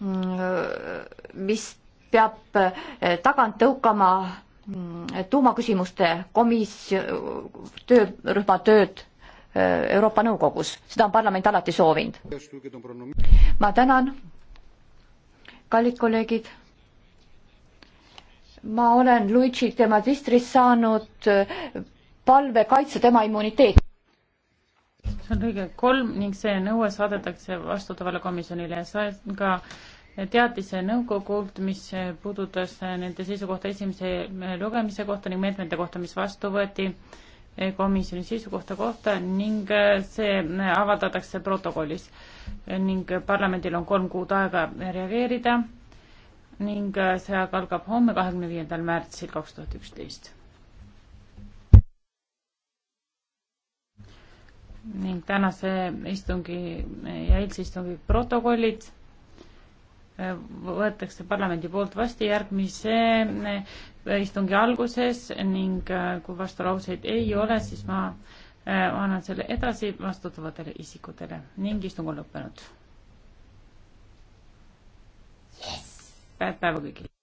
Mm, mis peab eh, tagant tõukama mm, tuumaküsimuste komisjon, töörühma tööd eh, Euroopa Nõukogus, seda on parlament alati soovinud. ma tänan, kallid kolleegid. ma olen Luigi Demadistris saanud eh, palve kaitsta tema immuniteeti see on lõige kolm ning see nõue saadetakse vastutavale komisjonile ja sain ka teatise nõukogult, mis puudutas nende seisukohta esimese lugemise kohta ning meetmete kohta, mis vastu võeti komisjoni seisukohta kohta ning see avaldatakse protokollis ning parlamendil on kolm kuud aega reageerida ning see algab homme, kahekümne viiendal märtsil kaks tuhat üksteist. ning tänase istungi ja eilse istungi protokollid äh, võetakse parlamendi poolt vastu järgmise äh, istungi alguses ning äh, kui vastulauseid ei ole, siis ma annan selle edasi vastutavatele isikutele ning istung on lõppenud yes.. head päeva kõigile.